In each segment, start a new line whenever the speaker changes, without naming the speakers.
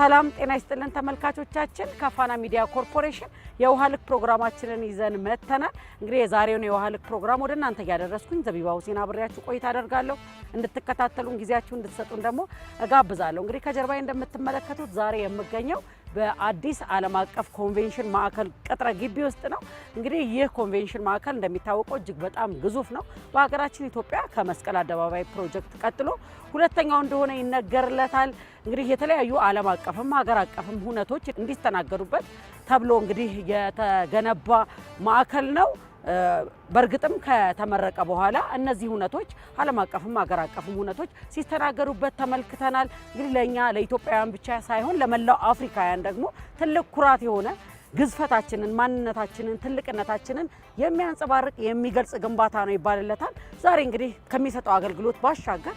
ሰላም ጤና ይስጥልን ተመልካቾቻችን፣ ከፋና ሚዲያ ኮርፖሬሽን የውሃ ልክ ፕሮግራማችንን ይዘን መጥተናል። እንግዲህ የዛሬውን የውሃ ልክ ፕሮግራም ወደ እናንተ እያደረስኩኝ ዘቢባ ሁሴን አብሬያችሁ ቆይታ አደርጋለሁ። እንድትከታተሉን ጊዜያችሁ እንድትሰጡን ደግሞ እጋብዛለሁ። እንግዲህ ከጀርባዬ እንደምትመለከቱት ዛሬ የምገኘው በአዲስ ዓለም አቀፍ ኮንቬንሽን ማዕከል ቅጥረ ግቢ ውስጥ ነው። እንግዲህ ይህ ኮንቬንሽን ማዕከል እንደሚታወቀው እጅግ በጣም ግዙፍ ነው። በሀገራችን ኢትዮጵያ ከመስቀል አደባባይ ፕሮጀክት ቀጥሎ ሁለተኛው እንደሆነ ይነገርለታል። እንግዲህ የተለያዩ ዓለም አቀፍም ሀገር አቀፍም ሁነቶች እንዲስተናገዱበት ተብሎ እንግዲህ የተገነባ ማዕከል ነው። በእርግጥም ከተመረቀ በኋላ እነዚህ እውነቶች ዓለም አቀፍም አገር አቀፍም እውነቶች ሲስተናገዱበት ተመልክተናል። እንግዲህ ለእኛ ለኢትዮጵያውያን ብቻ ሳይሆን ለመላው አፍሪካውያን ደግሞ ትልቅ ኩራት የሆነ ግዝፈታችንን፣ ማንነታችንን፣ ትልቅነታችንን የሚያንጸባርቅ የሚገልጽ ግንባታ ነው ይባልለታል። ዛሬ እንግዲህ ከሚሰጠው አገልግሎት ባሻገር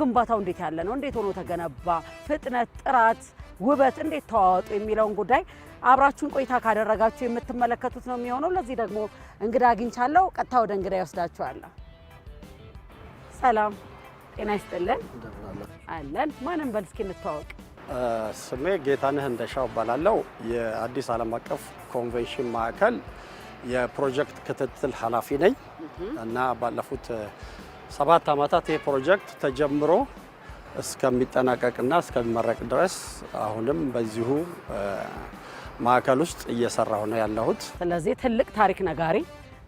ግንባታው እንዴት ያለ ነው? እንዴት ሆኖ ተገነባ? ፍጥነት፣ ጥራት ውበት እንዴት ተዋወጡ የሚለውን ጉዳይ አብራችሁን ቆይታ ካደረጋችሁ የምትመለከቱት ነው የሚሆነው። ለዚህ ደግሞ እንግዳ አግኝቻለሁ። ቀጥታ ወደ እንግዳ ይወስዳችኋለሁ። ሰላም ጤና ይስጥልን። አለን ማንም በል እስኪ እንተዋወቅ።
ስሜ ጌታነህ እንደሻው እባላለሁ። የአዲስ ዓለም አቀፍ ኮንቬንሽን ማዕከል የፕሮጀክት ክትትል ኃላፊ ነኝ እና ባለፉት ሰባት ዓመታት ይህ ፕሮጀክት ተጀምሮ እስከሚጠናቀቅና እስከሚመረቅ ድረስ አሁንም በዚሁ ማዕከል ውስጥ እየሰራሁ ነው ያለሁት።
ስለዚህ ትልቅ ታሪክ ነጋሪ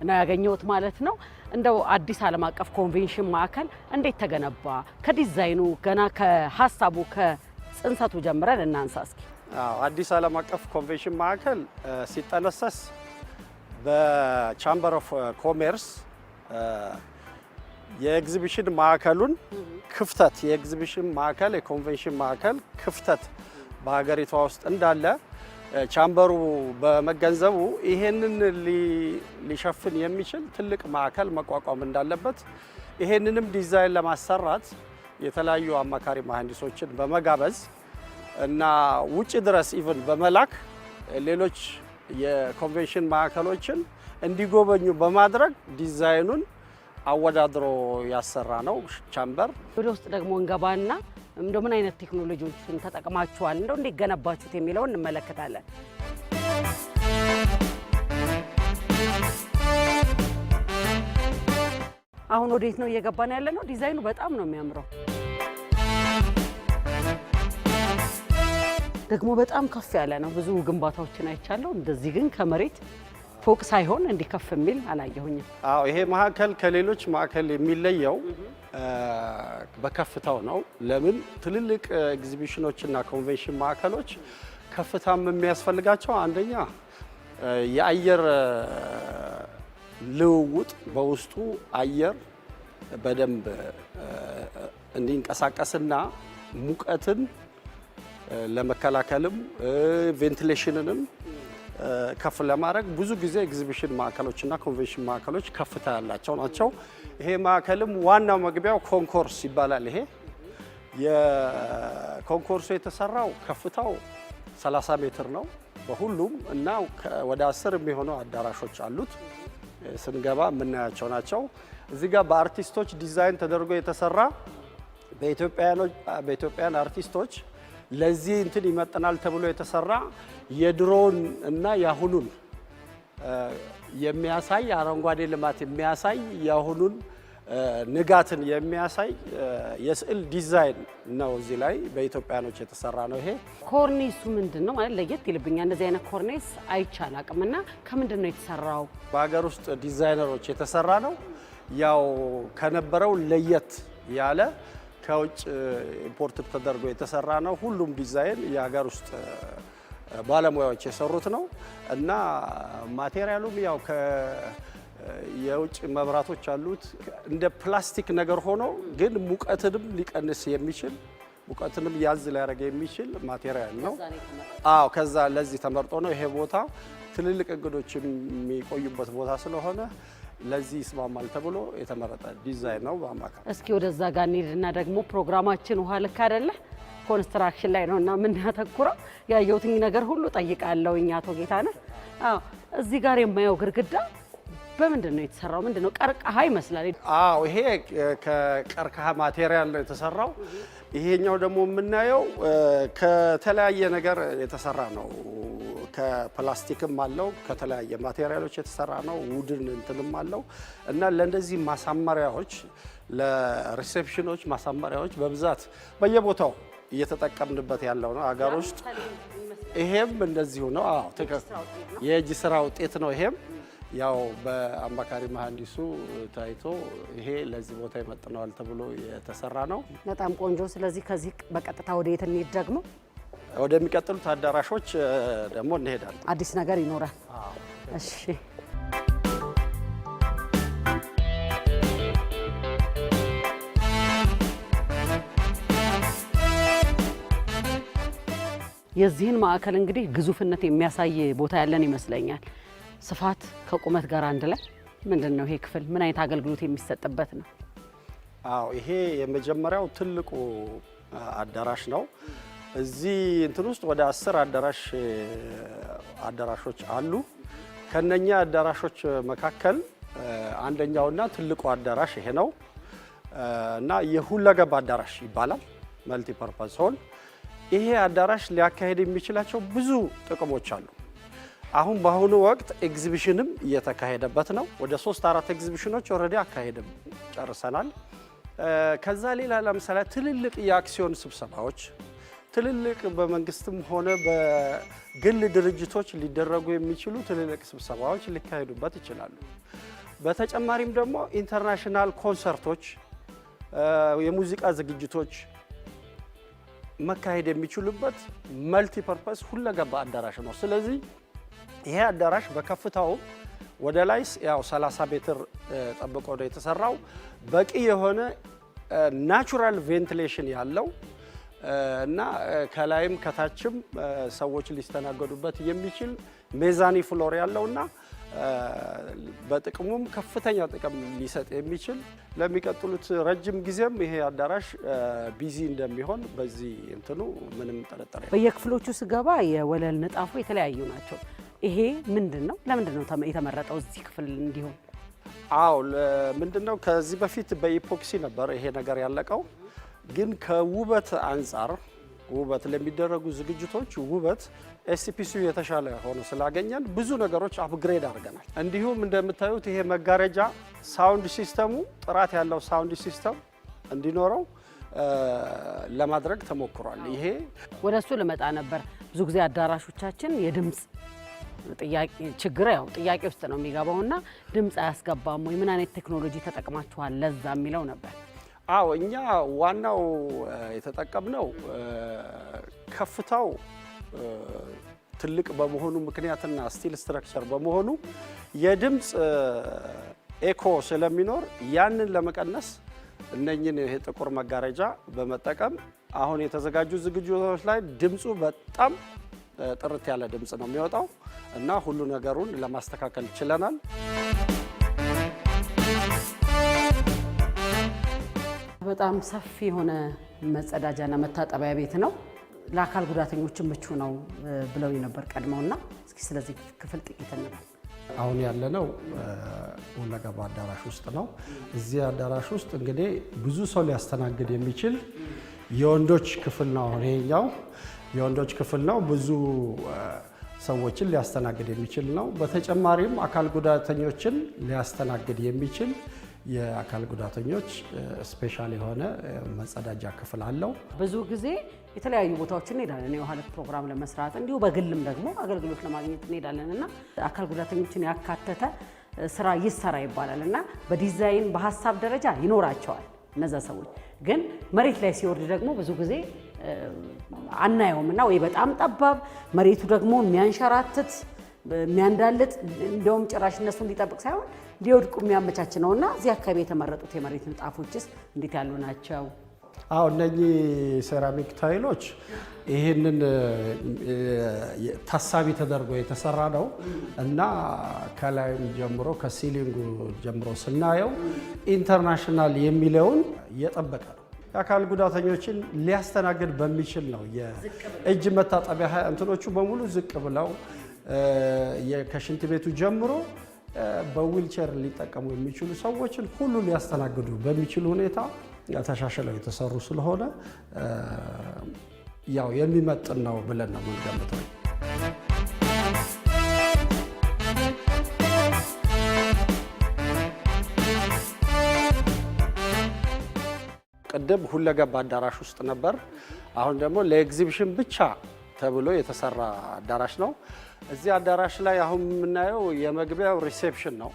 ነው ያገኘሁት ማለት ነው። እንደው አዲስ ዓለም አቀፍ ኮንቬንሽን ማዕከል እንዴት ተገነባ? ከዲዛይኑ ገና ከሀሳቡ ከጽንሰቱ ጀምረን እናንሳ እስኪ።
አዲስ ዓለም አቀፍ ኮንቬንሽን ማዕከል ሲጠነሰስ በቻምበር ኦፍ ኮሜርስ የኤግዚቢሽን ማዕከሉን ክፍተት የኤግዚቢሽን ማዕከል የኮንቬንሽን ማዕከል ክፍተት በሀገሪቷ ውስጥ እንዳለ ቻምበሩ በመገንዘቡ ይሄንን ሊሸፍን የሚችል ትልቅ ማዕከል መቋቋም እንዳለበት ይሄንንም ዲዛይን ለማሰራት የተለያዩ አማካሪ መሐንዲሶችን በመጋበዝ እና ውጭ ድረስ ኢቨን በመላክ ሌሎች የኮንቬንሽን ማዕከሎችን እንዲጎበኙ በማድረግ ዲዛይኑን አወዳድሮ ያሰራ ነው ቻምበር።
ወደ ውስጥ ደግሞ እንገባና እንደ ምን አይነት ቴክኖሎጂዎችን ተጠቅማችኋል፣ እንደው እንዴት ገነባችሁት የሚለውን እንመለከታለን። አሁን ወዴት ነው እየገባን ያለ ነው? ዲዛይኑ በጣም ነው የሚያምረው። ደግሞ በጣም ከፍ ያለ ነው። ብዙ ግንባታዎችን አይቻለሁ። እንደዚህ ግን ከመሬት ፎቅ ሳይሆን እንዲከፍ የሚል አላየሁኝም።
አዎ ይሄ ማዕከል ከሌሎች ማዕከል የሚለየው በከፍታው ነው። ለምን ትልልቅ ኤግዚቢሽኖችና ኮንቬንሽን ማዕከሎች ከፍታም የሚያስፈልጋቸው አንደኛ የአየር ልውውጥ በውስጡ አየር በደንብ እንዲንቀሳቀስና ሙቀትን ለመከላከልም ቬንቲሌሽንንም ከፍ ለማድረግ ብዙ ጊዜ ኤግዚቢሽን ማዕከሎችና ኮንቬንሽን ማዕከሎች ከፍታ ያላቸው ናቸው። ይሄ ማዕከልም ዋናው መግቢያው ኮንኮርስ ይባላል። ይሄ የኮንኮርሱ የተሰራው ከፍታው 30 ሜትር ነው በሁሉም እና ወደ አስር የሚሆኑ አዳራሾች አሉት። ስንገባ የምናያቸው ናቸው። እዚህ ጋር በአርቲስቶች ዲዛይን ተደርጎ የተሰራ በኢትዮጵያን አርቲስቶች ለዚህ እንትን ይመጥናል ተብሎ የተሰራ የድሮውን እና የአሁኑን የሚያሳይ አረንጓዴ ልማት የሚያሳይ የአሁኑን ንጋትን የሚያሳይ የስዕል ዲዛይን ነው። እዚህ ላይ በኢትዮጵያኖች የተሰራ ነው። ይሄ
ኮርኔሱ ምንድን ነው ማለት ለየት ይልብኛ። እንደዚህ አይነት ኮርኔስ አይቻል አቅም እና ከምንድን ነው የተሰራው?
በሀገር ውስጥ ዲዛይነሮች የተሰራ ነው። ያው ከነበረው ለየት ያለ ከውጭ ኢምፖርት ተደርጎ የተሰራ ነው። ሁሉም ዲዛይን የሀገር ውስጥ ባለሙያዎች የሰሩት ነው እና ማቴሪያሉም ያው የውጭ መብራቶች አሉት። እንደ ፕላስቲክ ነገር ሆኖ ግን ሙቀትንም ሊቀንስ የሚችል ሙቀትንም ያዝ ሊያደርግ የሚችል ማቴሪያል ነው። አዎ ከዛ ለዚህ ተመርጦ ነው ይሄ ቦታ ትልልቅ እንግዶች የሚቆዩበት ቦታ ስለሆነ ለዚህ ይስማማል ተብሎ የተመረጠ ዲዛይን ነው። በአማካይ
እስኪ ወደዛ ጋር እንሂድና ደግሞ ፕሮግራማችን ውሃ ልክ አይደለ ኮንስትራክሽን ላይ ነው እና የምናተኩረው። ያየሁትኝ ነገር ሁሉ ጠይቃለሁ። እኛ አቶ ጌታነህ እዚህ ጋር የማየው ግድግዳ በምንድን ነው የተሰራው? ምንድን ነው ቀርከሃ ይመስላል።
አዎ ይሄ ከቀርከሃ ማቴሪያል ነው የተሰራው። ይሄኛው ደግሞ የምናየው ከተለያየ ነገር የተሰራ ነው። ከፕላስቲክም አለው ከተለያየ ማቴሪያሎች የተሰራ ነው። ውድን እንትንም አለው እና ለእንደዚህ ማሳመሪያዎች፣ ለሪሴፕሽኖች ማሳመሪያዎች በብዛት በየቦታው እየተጠቀምንበት ያለው ነው አገር ውስጥ። ይሄም እንደዚሁ ነው። አዎ ትክክል፣ የእጅ ስራ ውጤት ነው ይሄም ያው በአማካሪ መሐንዲሱ ታይቶ ይሄ ለዚህ ቦታ ይመጥነዋል ተብሎ የተሰራ ነው።
በጣም ቆንጆ። ስለዚህ ከዚህ በቀጥታ ወደ የት እንሂድ? ደግሞ
ወደሚቀጥሉት አዳራሾች ደግሞ እንሄዳለን።
አዲስ ነገር ይኖራል። እሺ። የዚህን ማዕከል እንግዲህ ግዙፍነት የሚያሳይ ቦታ ያለን ይመስለኛል። ስፋት ከቁመት ጋር አንድ ላይ ምንድን ነው ይሄ ክፍል ምን አይነት አገልግሎት የሚሰጥበት ነው?
አዎ ይሄ የመጀመሪያው ትልቁ አዳራሽ ነው። እዚህ እንትን ውስጥ ወደ አስር አዳራሽ አዳራሾች አሉ። ከነኛ አዳራሾች መካከል አንደኛውና ትልቁ አዳራሽ ይሄ ነው እና የሁለገብ አዳራሽ ይባላል። መልቲፐርፐዝ ሆል። ይሄ አዳራሽ ሊያካሄድ የሚችላቸው ብዙ ጥቅሞች አሉ። አሁን በአሁኑ ወቅት ኤግዚቢሽንም እየተካሄደበት ነው። ወደ ሶስት አራት ኤግዚቢሽኖች ኦልሬዲ አካሄድም ጨርሰናል። ከዛ ሌላ ለምሳሌ ትልልቅ የአክሲዮን ስብሰባዎች ትልልቅ በመንግስትም ሆነ በግል ድርጅቶች ሊደረጉ የሚችሉ ትልልቅ ስብሰባዎች ሊካሄዱበት ይችላሉ። በተጨማሪም ደግሞ ኢንተርናሽናል ኮንሰርቶች፣ የሙዚቃ ዝግጅቶች መካሄድ የሚችሉበት መልቲፐርፐስ ሁለገባ አዳራሽ ነው። ስለዚህ ይሄ አዳራሽ በከፍታው ወደ ላይ ያው 30 ሜትር ጠብቆ ነው የተሰራው። በቂ የሆነ ናቹራል ቬንቲሌሽን ያለው እና ከላይም ከታችም ሰዎች ሊስተናገዱበት የሚችል ሜዛኒ ፍሎር ያለው እና በጥቅሙም ከፍተኛ ጥቅም ሊሰጥ የሚችል ለሚቀጥሉት ረጅም ጊዜም ይሄ አዳራሽ ቢዚ እንደሚሆን በዚህ እንትኑ ምንም ጠረጠር።
በየክፍሎቹ ስገባ የወለል ንጣፉ የተለያዩ ናቸው። ይሄ ምንድን ነው? ለምንድን ነው የተመረጠው እዚህ ክፍል እንዲሆን?
አዎ ምንድን ነው ከዚህ በፊት በኢፖክሲ ነበር ይሄ ነገር ያለቀው። ግን ከውበት አንጻር ውበት ለሚደረጉ ዝግጅቶች ውበት ኤስፒሲዩ የተሻለ ሆኖ ስላገኘን ብዙ ነገሮች አፕግሬድ አድርገናል። እንዲሁም እንደምታዩት ይሄ መጋረጃ ሳውንድ ሲስተሙ ጥራት ያለው ሳውንድ ሲስተም እንዲኖረው ለማድረግ ተሞክሯል። ይሄ
ወደ እሱ ልመጣ ነበር። ብዙ ጊዜ አዳራሾቻችን የድምፅ ችግር ያው ጥያቄ ውስጥ ነው የሚገባው እና ድምፅ አያስገባም ወይ ምን አይነት ቴክኖሎጂ ተጠቅማችኋል ለዛ የሚለው ነበር።
አዎ እኛ ዋናው የተጠቀምነው ከፍታው ትልቅ በመሆኑ ምክንያትና ስቲል ስትራክቸር በመሆኑ የድምፅ ኤኮ ስለሚኖር ያንን ለመቀነስ እነኝን ይሄ ጥቁር መጋረጃ በመጠቀም አሁን የተዘጋጁ ዝግጅቶች ላይ ድምፁ በጣም ጥርት ያለ ድምፅ ነው የሚወጣው እና ሁሉ ነገሩን ለማስተካከል ችለናል።
በጣም ሰፊ የሆነ መጸዳጃና መታጠቢያ ቤት ነው። ለአካል ጉዳተኞችም ምቹ ነው ብለው ነበር ቀድመውና፣ እስኪ ስለዚህ ክፍል ጥቂት እንላል።
አሁን ያለነው ሁለገባ አዳራሽ ውስጥ ነው። እዚህ አዳራሽ ውስጥ እንግዲህ ብዙ ሰው ሊያስተናግድ የሚችል የወንዶች ክፍል ነው አሁን ይሄኛው የወንዶች ክፍል ነው። ብዙ ሰዎችን ሊያስተናግድ የሚችል ነው። በተጨማሪም አካል ጉዳተኞችን ሊያስተናግድ የሚችል የአካል ጉዳተኞች ስፔሻል የሆነ መጸዳጃ ክፍል አለው።
ብዙ ጊዜ የተለያዩ ቦታዎች እንሄዳለን ለት ፕሮግራም ለመስራት እንዲሁ በግልም ደግሞ አገልግሎት ለማግኘት እንሄዳለን እና አካል ጉዳተኞችን ያካተተ ስራ ይሰራ ይባላል እና በዲዛይን በሀሳብ ደረጃ ይኖራቸዋል እነዛ ሰዎች ግን መሬት ላይ ሲወርድ ደግሞ ብዙ ጊዜ አናየውም እና ወይ በጣም ጠባብ መሬቱ ደግሞ የሚያንሸራትት የሚያንዳልጥ እንደውም ጭራሽ እነሱ እንዲጠብቅ ሳይሆን ሊወድቁ የሚያመቻች ነው እና እዚህ አካባቢ የተመረጡት የመሬት ንጣፎችስ እንዴት ያሉ ናቸው?
አዎ እነኚህ ሴራሚክ ታይሎች ይህንን ታሳቢ ተደርጎ የተሰራ ነው እና ከላይም ጀምሮ ከሲሊንጉ ጀምሮ ስናየው ኢንተርናሽናል የሚለውን እየጠበቀ ነው። የአካል ጉዳተኞችን ሊያስተናግድ በሚችል ነው። የእጅ መታጠቢያ እንትኖቹ በሙሉ ዝቅ ብለው ከሽንት ቤቱ ጀምሮ በዊልቸር ሊጠቀሙ የሚችሉ ሰዎችን ሁሉ ሊያስተናግዱ በሚችል ሁኔታ ተሻሽለው የተሰሩ ስለሆነ ያው የሚመጥን ነው ብለን ነው የምንገምተው። ቅድም ሁለገብ አዳራሽ ውስጥ ነበር። አሁን ደግሞ ለኤግዚቢሽን ብቻ ተብሎ የተሰራ አዳራሽ ነው። እዚህ አዳራሽ ላይ አሁን የምናየው የመግቢያው ሪሴፕሽን ነው።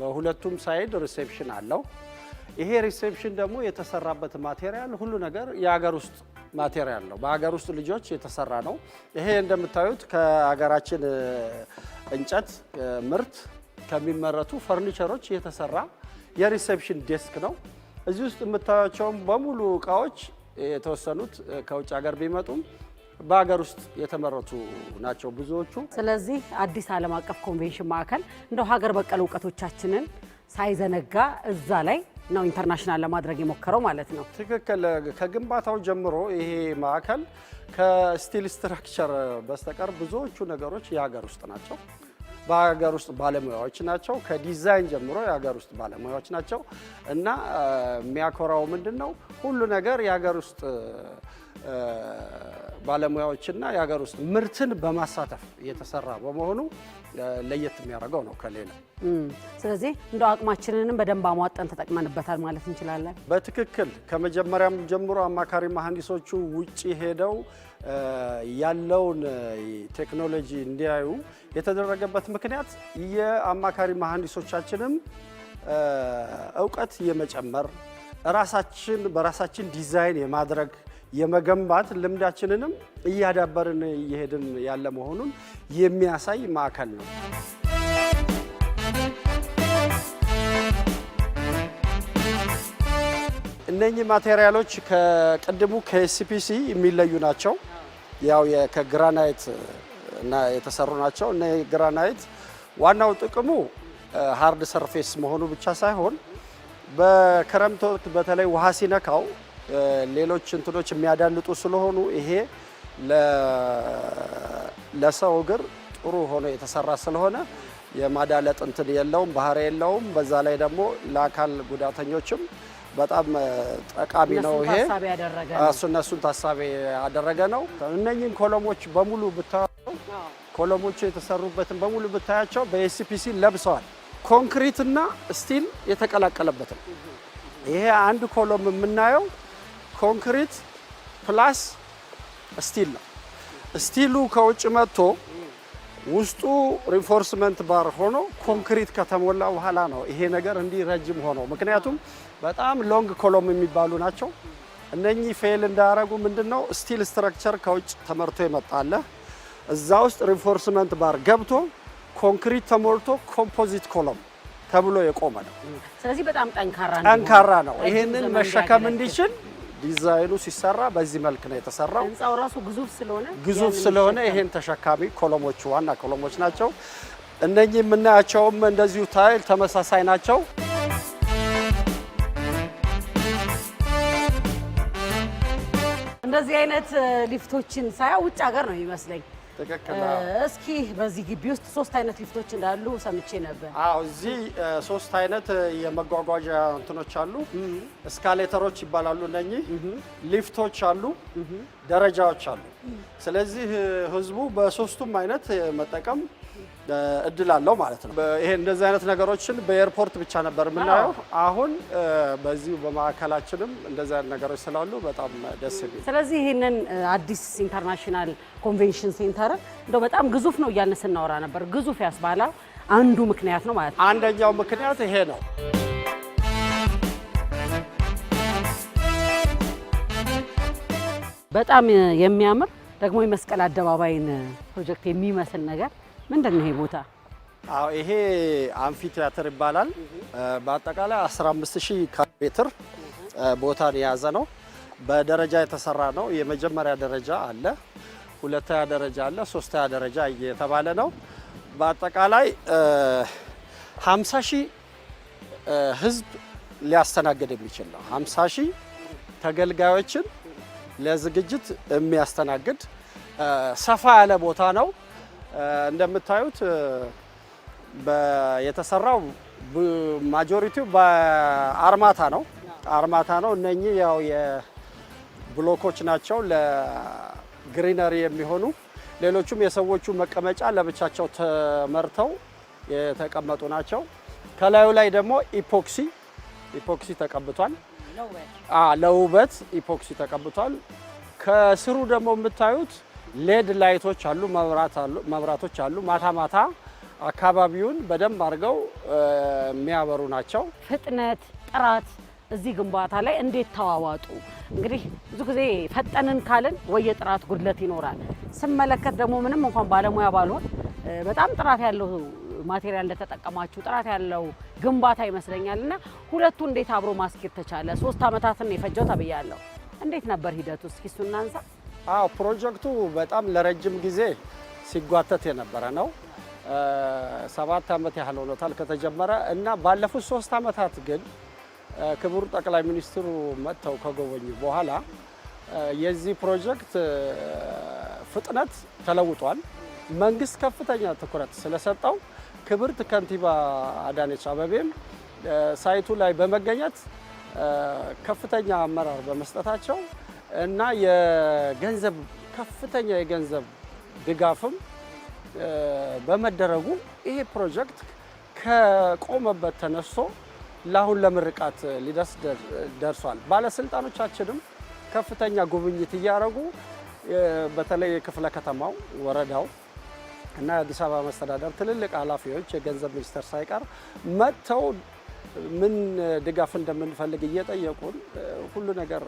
በሁለቱም ሳይድ ሪሴፕሽን አለው። ይሄ ሪሴፕሽን ደግሞ የተሰራበት ማቴሪያል ሁሉ ነገር የሀገር ውስጥ ማቴሪያል ነው። በሀገር ውስጥ ልጆች የተሰራ ነው። ይሄ እንደምታዩት ከሀገራችን እንጨት ምርት ከሚመረቱ ፈርኒቸሮች የተሰራ የሪሴፕሽን ዴስክ ነው። እዚህ ውስጥ የምታያቸውም በሙሉ እቃዎች የተወሰኑት ከውጭ ሀገር ቢመጡም በሀገር ውስጥ የተመረቱ ናቸው ብዙዎቹ።
ስለዚህ አዲስ ዓለም አቀፍ ኮንቬንሽን ማዕከል እንደው ሀገር በቀል እውቀቶቻችንን ሳይዘነጋ እዛ ላይ ነው ኢንተርናሽናል ለማድረግ የሞከረው ማለት ነው።
ትክክል። ከግንባታው ጀምሮ ይሄ ማዕከል ከስቲል ስትራክቸር በስተቀር ብዙዎቹ ነገሮች የሀገር ውስጥ ናቸው። በሀገር ውስጥ ባለሙያዎች ናቸው። ከዲዛይን ጀምሮ የሀገር ውስጥ ባለሙያዎች ናቸው እና የሚያኮራው ምንድን ነው? ሁሉ ነገር የሀገር ውስጥ ባለሙያዎችና የሀገር ውስጥ ምርትን በማሳተፍ እየተሰራ በመሆኑ ለየት የሚያደርገው ነው ከሌላ።
ስለዚህ እንደ አቅማችንንም በደንብ አሟጠን ተጠቅመንበታል ማለት እንችላለን።
በትክክል ከመጀመሪያም ጀምሮ አማካሪ መሐንዲሶቹ ውጭ ሄደው ያለውን ቴክኖሎጂ እንዲያዩ የተደረገበት ምክንያት የአማካሪ መሐንዲሶቻችንም እውቀት የመጨመር ራሳችን በራሳችን ዲዛይን የማድረግ የመገንባት ልምዳችንንም እያዳበርን እየሄድን ያለ መሆኑን የሚያሳይ ማዕከል ነው። እነኚህ ማቴሪያሎች ከቅድሙ ከኤስፒሲ የሚለዩ ናቸው። ያው ከግራናይት የተሰሩ ናቸው። እነ ግራናይት ዋናው ጥቅሙ ሃርድ ሰርፌስ መሆኑ ብቻ ሳይሆን በክረምት ወቅት በተለይ ውሃ ሲነካው ሌሎች እንትኖች የሚያዳልጡ ስለሆኑ ይሄ ለሰው እግር ጥሩ ሆኖ የተሰራ ስለሆነ የማዳለጥ እንትን የለውም፣ ባህር የለውም። በዛ ላይ ደግሞ ለአካል ጉዳተኞችም በጣም ጠቃሚ ነው። ይሄ እሱ እነሱን ታሳቢ ያደረገ ነው። እነኝን ኮለሞች በሙሉ ብታያቸው ኮለሞቹ የተሰሩበትን በሙሉ ብታያቸው በኤሲፒሲ ለብሰዋል። ኮንክሪትና ስቲል የተቀላቀለበት ነው። ይሄ አንድ ኮሎም የምናየው ኮንክሪት ፕላስ ስቲል ነው። ስቲሉ ከውጭ መጥቶ ውስጡ ሪንፎርስመንት ባር ሆኖ ኮንክሪት ከተሞላ በኋላ ነው ይሄ ነገር እንዲህ ረጅም ሆኖ፣ ምክንያቱም በጣም ሎንግ ኮሎም የሚባሉ ናቸው እነኚህ ፌል እንዳያረጉ ምንድን ነው ስቲል ስትራክቸር ከውጭ ተመርቶ ይመጣለ። እዛ ውስጥ ሪንፎርስመንት ባር ገብቶ ኮንክሪት ተሞልቶ ኮምፖዚት ኮሎም ተብሎ የቆመ ነው። ስለዚህ በጣም ጠንካራ ነው። ይሄንን መሸከም እንዲችል ዲዛይኑ ሲሰራ በዚህ መልክ ነው የተሰራው።
ህንፃው ራሱ ግዙፍ ስለሆነ
ግዙፍ ስለሆነ ይሄን ተሸካሚ ኮሎሞቹ ዋና ኮሎሞች ናቸው። እነኚህ የምናያቸውም እንደዚሁ ታይል ተመሳሳይ ናቸው።
እንደዚህ አይነት ሊፍቶችን ሳያ ውጭ ሀገር ነው ይመስለኝ እስኪ በዚህ ግቢ ውስጥ ሶስት አይነት ሊፍቶች እንዳሉ ሰምቼ ነበር።
አዎ፣ እዚህ ሶስት አይነት የመጓጓዣ እንትኖች አሉ። እስካሌተሮች ይባላሉ እነኚህ። ሊፍቶች አሉ፣ ደረጃዎች አሉ። ስለዚህ ህዝቡ በሶስቱም አይነት መጠቀም እድል አለው ማለት ነው። ይሄ እንደዚህ አይነት ነገሮችን በኤርፖርት ብቻ ነበር የምናየው። አሁን በዚሁ በማዕከላችንም እንደዚህ አይነት ነገሮች ስላሉ በጣም ደስ ይላል።
ስለዚህ ይህንን አዲስ ኢንተርናሽናል ኮንቬንሽን ሴንተር እንደው በጣም ግዙፍ ነው እያልን ስናወራ ነበር። ግዙፍ ያስባላ አንዱ ምክንያት ነው ማለት
ነው። አንደኛው ምክንያት ይሄ ነው።
በጣም የሚያምር ደግሞ የመስቀል አደባባይን ፕሮጀክት የሚመስል ነገር ምንድን ነው ይሄ ቦታ?
አዎ ይሄ አምፊ ቲያትር ይባላል። በአጠቃላይ 15000 ካሬ ሜትር ቦታን የያዘ ነው። በደረጃ የተሰራ ነው። የመጀመሪያ ደረጃ አለ፣ ሁለተኛ ደረጃ አለ፣ ሶስተኛ ደረጃ እየተባለ ነው። በአጠቃላይ 50 ሺህ ህዝብ ሊያስተናግድ የሚችል ነው። 50 ሺህ ተገልጋዮችን ለዝግጅት የሚያስተናግድ ሰፋ ያለ ቦታ ነው። እንደምታዩት የተሰራው ማጆሪቲው በአርማታ ነው። አርማታ ነው። እነኚህ ያው የብሎኮች ናቸው ለግሪነሪ የሚሆኑ ሌሎቹም የሰዎቹ መቀመጫ ለብቻቸው ተመርተው የተቀመጡ ናቸው። ከላዩ ላይ ደግሞ ኢፖክሲ ኢፖክሲ ተቀብቷል። ለውበት ኢፖክሲ ተቀብቷል። ከስሩ ደግሞ የምታዩት ሌድ ላይቶች አሉ፣ መብራቶች አሉ። ማታ ማታ አካባቢውን በደንብ አድርገው የሚያበሩ ናቸው።
ፍጥነት፣ ጥራት እዚህ ግንባታ ላይ እንዴት ተዋዋጡ? እንግዲህ ብዙ ጊዜ ፈጠንን ካልን ወይ የጥራት ጉድለት ይኖራል። ስመለከት ደግሞ ምንም እንኳን ባለሙያ ባልሆን በጣም ጥራት ያለው ማቴሪያል እንደተጠቀማችሁ ጥራት ያለው ግንባታ ይመስለኛል። እና ሁለቱ እንዴት አብሮ ማስኬድ ተቻለ? ሶስት ዓመታትን የፈጀው ተብያለሁ። እንዴት ነበር ሂደቱ? እስኪ እናንሳ።
አዎ ፕሮጀክቱ በጣም ለረጅም ጊዜ ሲጓተት የነበረ ነው። ሰባት ዓመት ያህል ሆኖታል ከተጀመረ እና ባለፉት ሶስት ዓመታት ግን ክቡር ጠቅላይ ሚኒስትሩ መጥተው ከጎበኙ በኋላ የዚህ ፕሮጀክት ፍጥነት ተለውጧል። መንግስት ከፍተኛ ትኩረት ስለሰጠው ክብርት ከንቲባ አዳነች አበቤም ሳይቱ ላይ በመገኘት ከፍተኛ አመራር በመስጠታቸው እና የገንዘብ ከፍተኛ የገንዘብ ድጋፍም በመደረጉ ይሄ ፕሮጀክት ከቆመበት ተነስቶ ለአሁን ለምርቃት ሊደርስ ደርሷል። ባለስልጣኖቻችንም ከፍተኛ ጉብኝት እያደረጉ በተለይ የክፍለ ከተማው ወረዳው እና የአዲስ አበባ መስተዳደር ትልልቅ ኃላፊዎች የገንዘብ ሚኒስቴር ሳይቀር መጥተው ምን ድጋፍ እንደምንፈልግ እየጠየቁን ሁሉ ነገር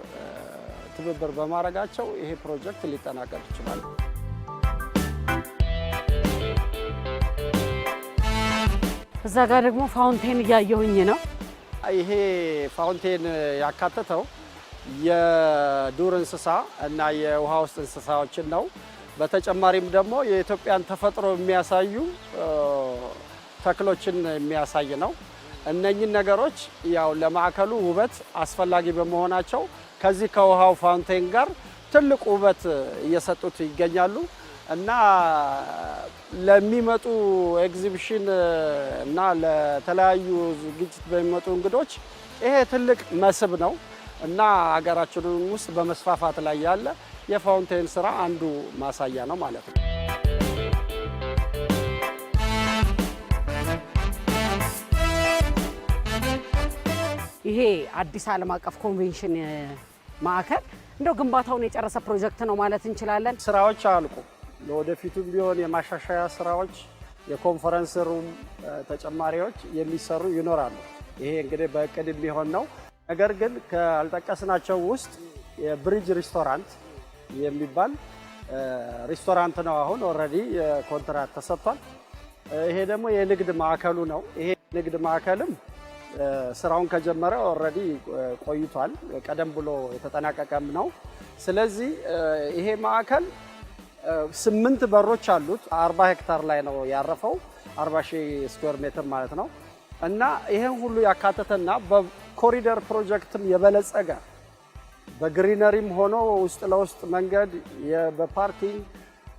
ትብብር በማድረጋቸው ይሄ ፕሮጀክት ሊጠናቀቅ ይችላል።
እዛ ጋር ደግሞ ፋውንቴን እያየሁኝ ነው።
ይሄ ፋውንቴን ያካተተው የዱር እንስሳ እና የውሃ ውስጥ እንስሳዎችን ነው። በተጨማሪም ደግሞ የኢትዮጵያን ተፈጥሮ የሚያሳዩ ተክሎችን የሚያሳይ ነው። እነኚህን ነገሮች ያው ለማዕከሉ ውበት አስፈላጊ በመሆናቸው ከዚህ ከውሃው ፋውንቴን ጋር ትልቅ ውበት እየሰጡት ይገኛሉ እና ለሚመጡ ኤግዚቢሽን እና ለተለያዩ ዝግጅት በሚመጡ እንግዶች ይሄ ትልቅ መስህብ ነው እና ሀገራችን ውስጥ በመስፋፋት ላይ ያለ የፋውንቴን ስራ አንዱ ማሳያ ነው ማለት ነው።
ይሄ አዲስ ዓለም አቀፍ ኮንቬንሽን ማዕከል እንደው ግንባታውን የጨረሰ ፕሮጀክት ነው ማለት እንችላለን።
ስራዎች አልቁ። ለወደፊቱም ቢሆን የማሻሻያ ስራዎች፣ የኮንፈረንስ ሩም ተጨማሪዎች የሚሰሩ ይኖራሉ። ይሄ እንግዲህ በእቅድ የሚሆን ነው። ነገር ግን ካልጠቀስናቸው ውስጥ የብሪጅ ሬስቶራንት የሚባል ሬስቶራንት ነው። አሁን ኦልሬዲ ኮንትራት ተሰጥቷል። ይሄ ደግሞ የንግድ ማዕከሉ ነው። ይሄ ንግድ ማዕከልም ስራውን ከጀመረ ኦልሬዲ ቆይቷል። ቀደም ብሎ የተጠናቀቀም ነው። ስለዚህ ይሄ ማዕከል ስምንት በሮች አሉት። አርባ ሄክታር ላይ ነው ያረፈው፣ አርባ ሺህ ስኩዌር ሜትር ማለት ነው እና ይሄን ሁሉ ያካተተና በኮሪደር ፕሮጀክትም የበለጸገ በግሪነሪም ሆኖ ውስጥ ለውስጥ መንገድ በፓርኪንግ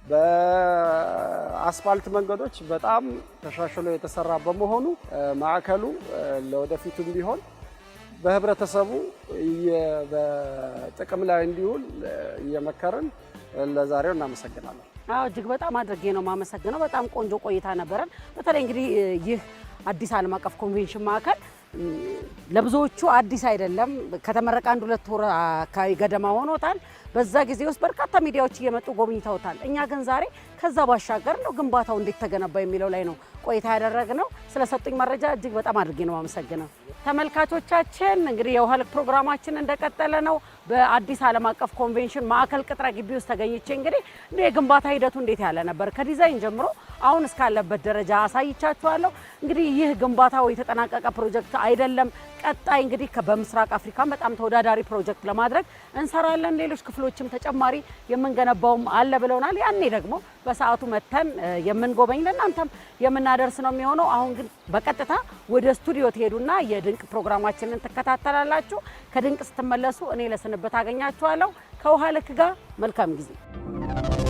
በአስፋልት መንገዶች በጣም ተሻሽሎ የተሰራ በመሆኑ ማዕከሉ ለወደፊቱም ቢሆን በህብረተሰቡ በጥቅም ላይ እንዲውል እየመከርን ለዛሬው እናመሰግናለን።
አዎ እጅግ በጣም አድርጌ ነው የማመሰግነው። በጣም ቆንጆ ቆይታ ነበረን። በተለይ እንግዲህ ይህ አዲስ ዓለም አቀፍ ኮንቬንሽን ማዕከል ለብዙዎቹ አዲስ አይደለም። ከተመረቀ አንድ ሁለት ወር አካባቢ ገደማ ሆኖታል። በዛ ጊዜ ውስጥ በርካታ ሚዲያዎች እየመጡ ጎብኝተውታል። እኛ ግን ዛሬ ከዛ ባሻገር ነው ግንባታው እንዴት ተገነባ የሚለው ላይ ነው ቆይታ ያደረግ ነው። ስለሰጡኝ መረጃ እጅግ በጣም አድርጌ ነው አመሰግነው። ተመልካቾቻችን እንግዲህ የውሃ ልክ ፕሮግራማችን እንደቀጠለ ነው። በአዲስ ዓለም አቀፍ ኮንቬንሽን ማዕከል ቅጥረ ግቢ ውስጥ ተገኝቼ እንግዲህ የግንባታ ሂደቱ እንዴት ያለ ነበር ከዲዛይን ጀምሮ አሁን እስካለበት ደረጃ አሳይቻችኋለሁ። እንግዲህ ይህ ግንባታው የተጠናቀቀ ፕሮጀክት አይደለም። ቀጣይ እንግዲህ በምስራቅ አፍሪካም በጣም ተወዳዳሪ ፕሮጀክት ለማድረግ እንሰራለን። ሌሎች ክፍሎችም ተጨማሪ የምንገነባውም አለ ብለውናል። ያኔ ደግሞ በሰዓቱ መተን የምንጎበኝ ለእናንተም የምናደርስ ነው የሚሆነው። አሁን ግን በቀጥታ ወደ ስቱዲዮ ትሄዱና የድንቅ ፕሮግራማችንን ትከታተላላችሁ። ከድንቅ ስትመለሱ እኔ ለስንበት አገኛችኋለሁ። ከውሃ ልክ ጋር መልካም ጊዜ